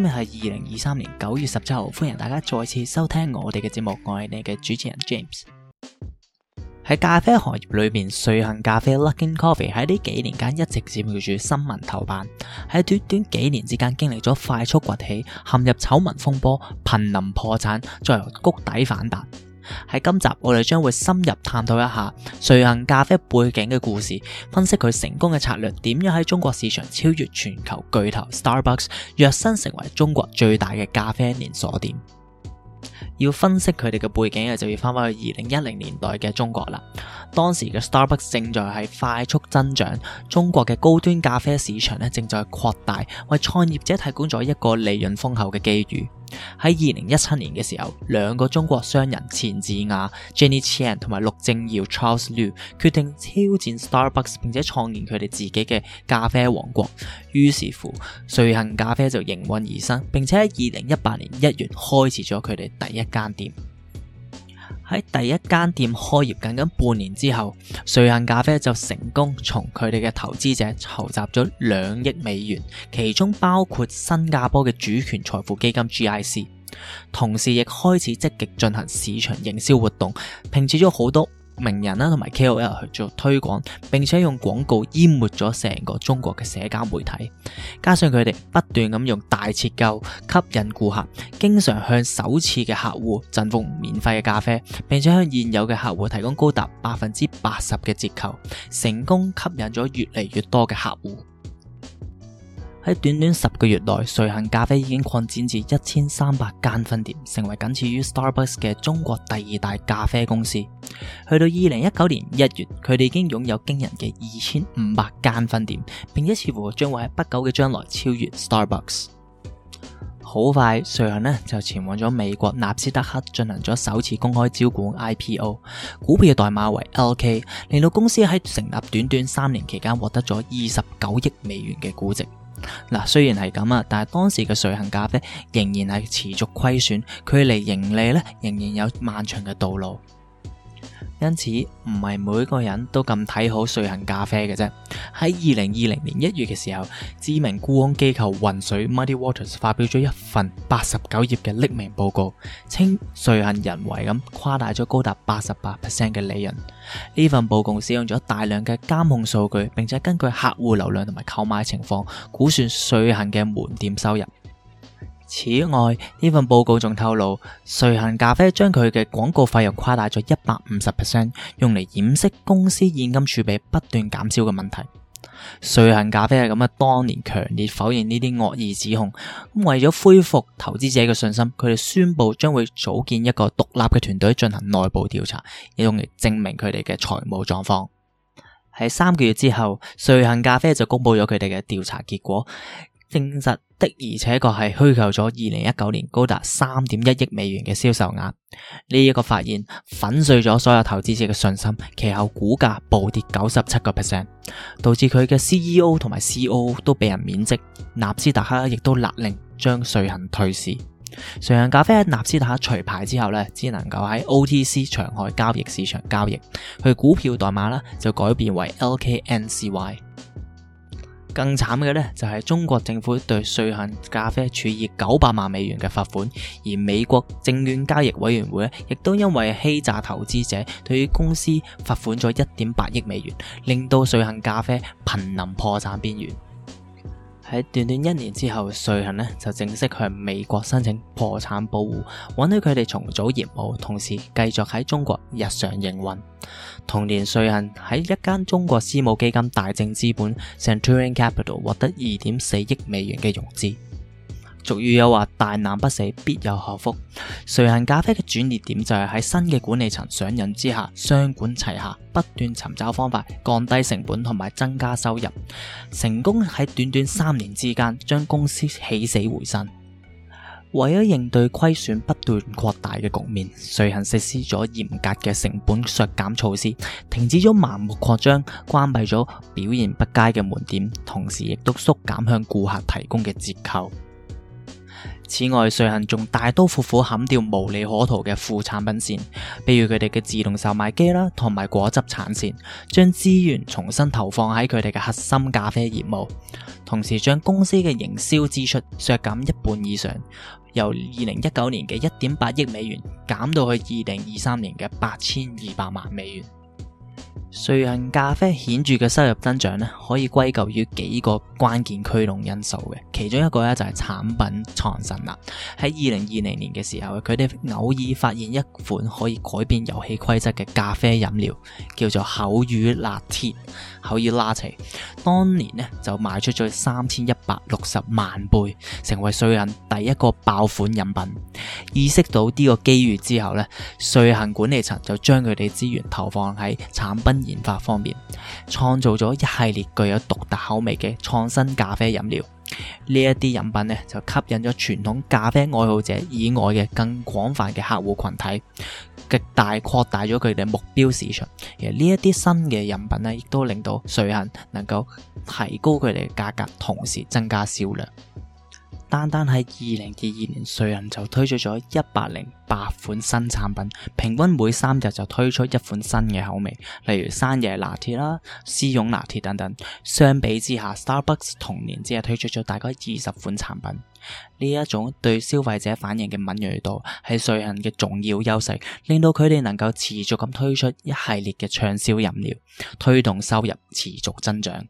今日係二零二三年九月十七號，歡迎大家再次收聽我哋嘅節目，我係你嘅主持人 James。喺咖啡行業裏面，瑞幸咖啡 Luckin Coffee 喺呢幾年間一直佔據住新聞頭版，喺短短幾年之間經歷咗快速崛起、陷入醜聞風波、瀕臨破產，再由谷底反彈。喺今集，我哋將會深入探討一下瑞幸咖啡背景嘅故事，分析佢成功嘅策略，點樣喺中國市場超越全球巨頭 Starbucks，躍身成為中國最大嘅咖啡連鎖店。要分析佢哋嘅背景，就要翻返去二零一零年代嘅中國啦。當時嘅 Starbucks 正在係快速增長，中國嘅高端咖啡市場咧正在擴大，為創業者提供咗一個利潤豐厚嘅機遇。喺二零一七年嘅時候，兩個中國商人錢志亞 Jenny Chan 同埋陸正耀 Charles Liu 決定挑戰 Starbucks，並且創建佢哋自己嘅咖啡王國。於是乎，瑞幸咖啡就應運而生，並且喺二零一八年一月開始咗佢哋第一間店。喺第一間店開業僅僅半年之後，瑞幸咖啡就成功從佢哋嘅投資者籌集咗兩億美元，其中包括新加坡嘅主權財富基金 GIC，同時亦開始積極進行市場營銷活動，憑藉咗好多名人啦，同埋 KOL 去做推廣，並且用廣告淹沒咗成個中國嘅社交媒體。加上佢哋不斷咁用大折扣吸引顧客，經常向首次嘅客戶贈送免費嘅咖啡，並且向現有嘅客戶提供高達百分之八十嘅折扣，成功吸引咗越嚟越多嘅客戶。喺短短十個月內，瑞幸咖啡已經擴展至一千三百間分店，成為僅次於 Starbucks 嘅中國第二大咖啡公司。去到二零一九年一月，佢哋已經擁有驚人嘅二千五百間分店，並且似乎將會喺不久嘅將來超越 Starbucks。好快，瑞幸呢就前往咗美國納斯達克進行咗首次公開招股 （IPO），股票嘅代碼為 LK，令到公司喺成立短短三年期間獲得咗二十九億美元嘅估值。嗱，雖然係咁啊，但係當時嘅瑞幸咖啡仍然係持續虧損，距離盈利咧仍然有漫長嘅道路。因此唔係每一個人都咁睇好瑞幸咖啡嘅啫。喺二零二零年一月嘅時候，知名沽空機構渾水 （Muddy Waters） 發表咗一份八十九頁嘅匿名報告，稱瑞幸人為咁誇大咗高達八十八 percent 嘅利潤。呢份報告使用咗大量嘅監控數據，並且根據客戶流量同埋購買情況估算瑞幸嘅門店收入。.此外，呢份報告仲透露，瑞幸咖啡將佢嘅廣告費用誇大咗一百五十 percent，用嚟掩飾公司現金儲備不斷減少嘅問題。瑞幸咖啡係咁嘅，當年強烈否認呢啲惡意指控，咁為咗恢復投資者嘅信心，佢哋宣布將會組建一個獨立嘅團隊進行內部調查，以用嚟證明佢哋嘅財務狀況。喺三個月之後，瑞幸咖啡就公布咗佢哋嘅調查結果。證實的而且確係虛構咗二零一九年高達三點一億美元嘅銷售額，呢一個發現粉碎咗所有投資者嘅信心，其後股價暴跌九十七個 percent，導致佢嘅 CEO 同埋 COO 都俾人免職，納斯達克亦都勒令將瑞幸退市。瑞幸咖啡喺納斯達克除牌之後呢，只能夠喺 OTC 場外交易市場交易，佢股票代碼呢就改變為 LKNCY。更慘嘅咧，就係中國政府對瑞幸咖啡處以九百萬美元嘅罰款，而美國證券交易委員會亦都因為欺詐投資者，對於公司罰款咗一點八億美元，令到瑞幸咖啡瀕臨破產邊緣。喺短短一年之後，瑞幸咧就正式向美國申請破產保護，允許佢哋重組業務，同時繼續喺中國日常營運。同年，瑞幸喺一間中國私募基金大正資本（ c e n t u r n i n Capital 獲得二點四億美元嘅融資。俗語有話，大難不死，必有後福。瑞幸咖啡嘅轉捩點就係喺新嘅管理層上任之下，雙管齊下，不斷尋找方法降低成本同埋增加收入，成功喺短短三年之間將公司起死回生。為咗應對虧損不斷擴大嘅局面，瑞幸實施咗嚴格嘅成本削減措施，停止咗盲目擴張，關閉咗表現不佳嘅門店，同時亦都縮減向顧客提供嘅折扣。此外，瑞幸仲大刀闊斧砍掉無利可圖嘅副產品線，比如佢哋嘅自動售賣機啦，同埋果汁產線，將資源重新投放喺佢哋嘅核心咖啡業務，同時將公司嘅營銷支出削減一半以上，由二零一九年嘅一點八億美元減到去二零二三年嘅八千二百萬美元。瑞幸咖啡顯著嘅收入增長咧，可以歸咎於幾個關鍵驅動因素嘅，其中一個咧就係產品創新啦。喺二零二零年嘅時候，佢哋偶爾發現一款可以改變遊戲規則嘅咖啡飲料，叫做口語拿鐵（口語拿鐵）。當年呢，就賣出咗三千一百六十萬杯，成為瑞幸第一個爆款飲品。意識到呢個機遇之後呢，瑞幸管理層就將佢哋資源投放喺產品。研發方面，創造咗一系列具有獨特口味嘅創新咖啡飲料，呢一啲飲品呢就吸引咗傳統咖啡愛好者以外嘅更廣泛嘅客戶群體，極大擴大咗佢哋目標市場。而呢一啲新嘅飲品呢，亦都令到瑞幸能夠提高佢哋嘅價格，同時增加銷量。單單喺二零二二年，瑞幸就推出咗一百零八款新產品，平均每三日就推出一款新嘅口味，例如生椰拿鐵啦、絲絨拿鐵等等。相比之下，Starbucks 同年只係推出咗大概二十款產品。呢一種對消費者反應嘅敏銳度，係瑞幸嘅重要優勢，令到佢哋能夠持續咁推出一系列嘅暢銷飲料，推動收入持續增長。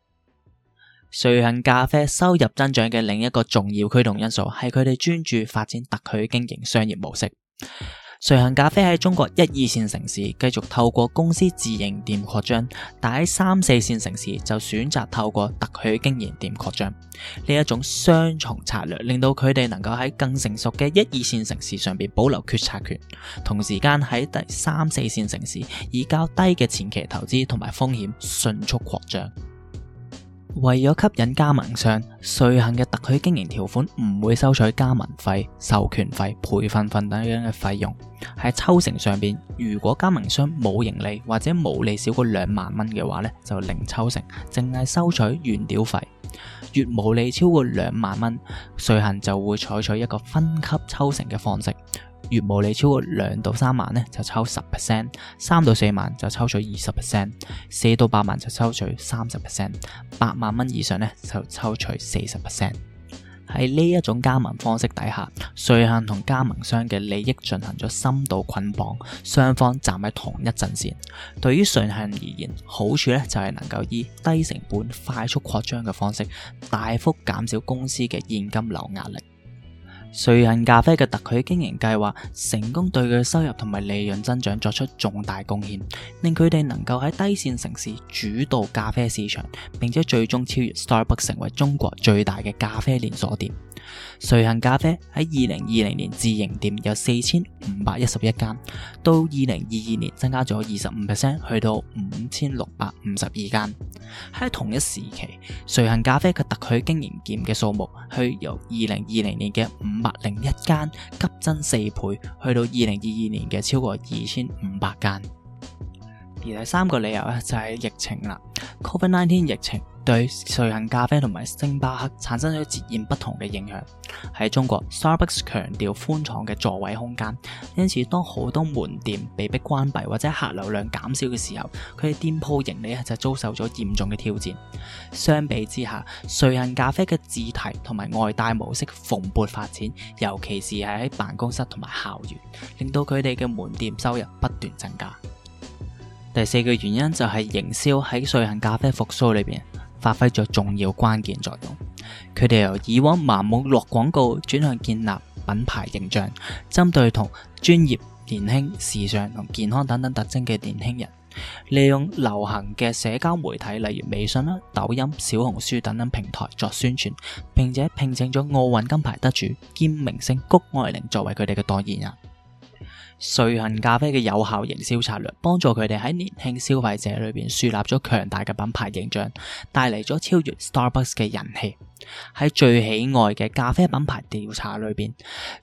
瑞幸咖啡收入增長嘅另一個重要驅動因素係佢哋專注發展特許經營商業模式。瑞幸咖啡喺中國一二線城市繼續透過公司自營店擴張，但喺三四線城市就選擇透過特許經營店擴張，呢一種雙重策略，令到佢哋能夠喺更成熟嘅一二線城市上邊保留決策權，同時間喺第三四線城市以較低嘅前期投資同埋風險迅速擴張。為咗吸引加盟商，瑞幸嘅特許經營條款唔會收取加盟費、授權費、培訓費等樣嘅費用。喺抽成上邊，如果加盟商冇盈利或者毛利少過兩萬蚊嘅話咧，就零抽成，淨係收取原料費。月毛利超過兩萬蚊，瑞幸就會採取一個分級抽成嘅方式。月毛利超過兩到三萬咧，就抽十 percent；三到四萬就抽取二十 percent；四到八萬就抽取三十 percent；八萬蚊以上咧就抽取四十 percent。喺呢一種加盟方式底下，瑞幸同加盟商嘅利益進行咗深度捆綁，雙方站喺同一陣線。對於瑞幸而言，好處咧就係能夠以低成本、快速擴張嘅方式，大幅減少公司嘅現金流壓力。瑞幸咖啡嘅特許經營計劃成功對佢嘅收入同埋利潤增長作出重大貢獻，令佢哋能夠喺低綫城市主導咖啡市場，並且最終超越 Starbucks 成為中國最大嘅咖啡連鎖店。瑞幸咖啡喺二零二零年自營店有四千五百一十一間，到二零二二年增加咗二十五 percent 去到五千六百五十二間。喺同一時期，瑞幸咖啡嘅特許經營店嘅數目去由二零二零年嘅五百零一間急增四倍，去到二零二二年嘅超過二千五百間。而第三個理由咧就係疫情啦 CO，COVID-19 疫情對瑞幸咖啡同埋星巴克產生咗截然不同嘅影響。喺中國，Starbucks 強調寬敞嘅座位空間，因此當好多門店被迫關閉或者客流量減少嘅時候，佢哋店鋪盈利就遭受咗嚴重嘅挑戰。相比之下，瑞幸咖啡嘅自提同埋外帶模式蓬勃發展，尤其是係喺辦公室同埋校園，令到佢哋嘅門店收入不斷增加。第四個原因就係營銷喺瑞幸咖啡復甦裏邊發揮咗重要關鍵作用。佢哋由以往盲目落廣告，轉向建立品牌形象，針對同專業、年輕、時尚同健康等等特徵嘅年輕人，利用流行嘅社交媒體例如微信啦、抖音、小紅書等等平台作宣傳，並且聘請咗奧運金牌得主兼明星谷愛凌作為佢哋嘅代言人。瑞幸咖啡嘅有效營銷策略，幫助佢哋喺年輕消費者裏邊樹立咗強大嘅品牌形象，帶嚟咗超越 Starbucks 嘅人氣。喺最喜愛嘅咖啡品牌調查裏邊，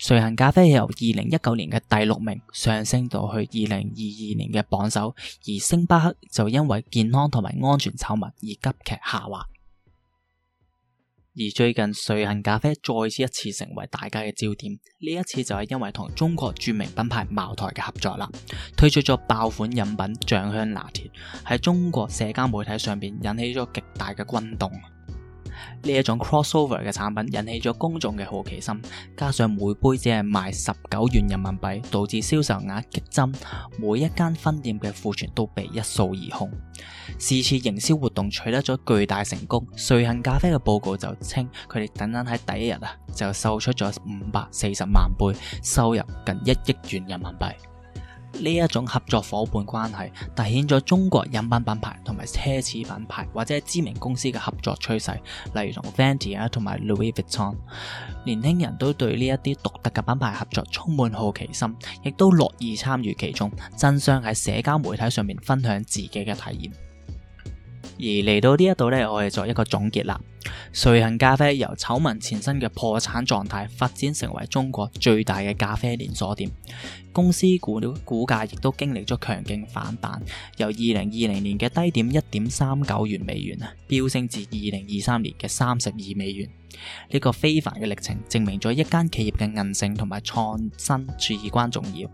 瑞幸咖啡由二零一九年嘅第六名上升到去二零二二年嘅榜首，而星巴克就因為健康同埋安全醜聞而急劇下滑。而最近瑞幸咖啡再次一次成為大家嘅焦點，呢一次就係因為同中國著名品牌茅台嘅合作啦，推出咗爆款飲品醬香拿鐵，喺中國社交媒體上邊引起咗極大嘅轟動。呢一種 crossover 嘅產品引起咗公眾嘅好奇心，加上每杯只係賣十九元人民幣，導致銷售額激增，每一間分店嘅庫存都被一掃而空。是次營銷活動取得咗巨大成功，瑞幸咖啡嘅報告就稱，佢哋僅僅喺第一日啊就售出咗五百四十萬杯，收入近一億元人民幣。呢一種合作伙伴關係，凸顯咗中國飲品品牌同埋奢侈品牌或者知名公司嘅合作趨勢，例如同 Venti 啊同埋 Louis Vuitton。年輕人都對呢一啲獨特嘅品牌合作充滿好奇心，亦都樂意參與其中，爭相喺社交媒體上面分享自己嘅體驗。而嚟到呢一度呢，我哋做一個總結啦。瑞幸咖啡由醜聞纏身嘅破產狀態發展成為中國最大嘅咖啡連鎖店，公司股股價亦都經歷咗強勁反彈，由二零二零年嘅低點一點三九元美元啊，飆升至二零二三年嘅三十二美元。呢個非凡嘅歷程證明咗一間企業嘅韌性同埋創新至關重要。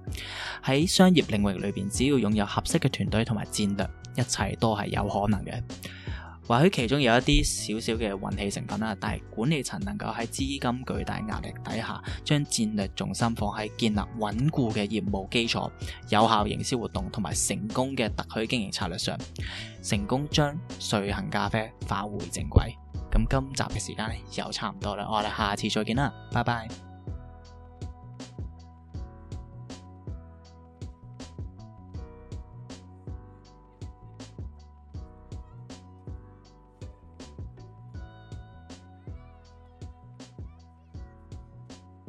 喺商業領域裏邊，只要擁有合適嘅團隊同埋戰略。一切都係有可能嘅，或許其中有一啲少少嘅運氣成分啦，但係管理層能夠喺資金巨大壓力底下，將戰略重心放喺建立穩固嘅業務基礎、有效營銷活動同埋成功嘅特許經營策略上，成功將瑞幸咖啡返回正軌。咁今集嘅時間呢又差唔多啦，我哋下次再見啦，拜拜。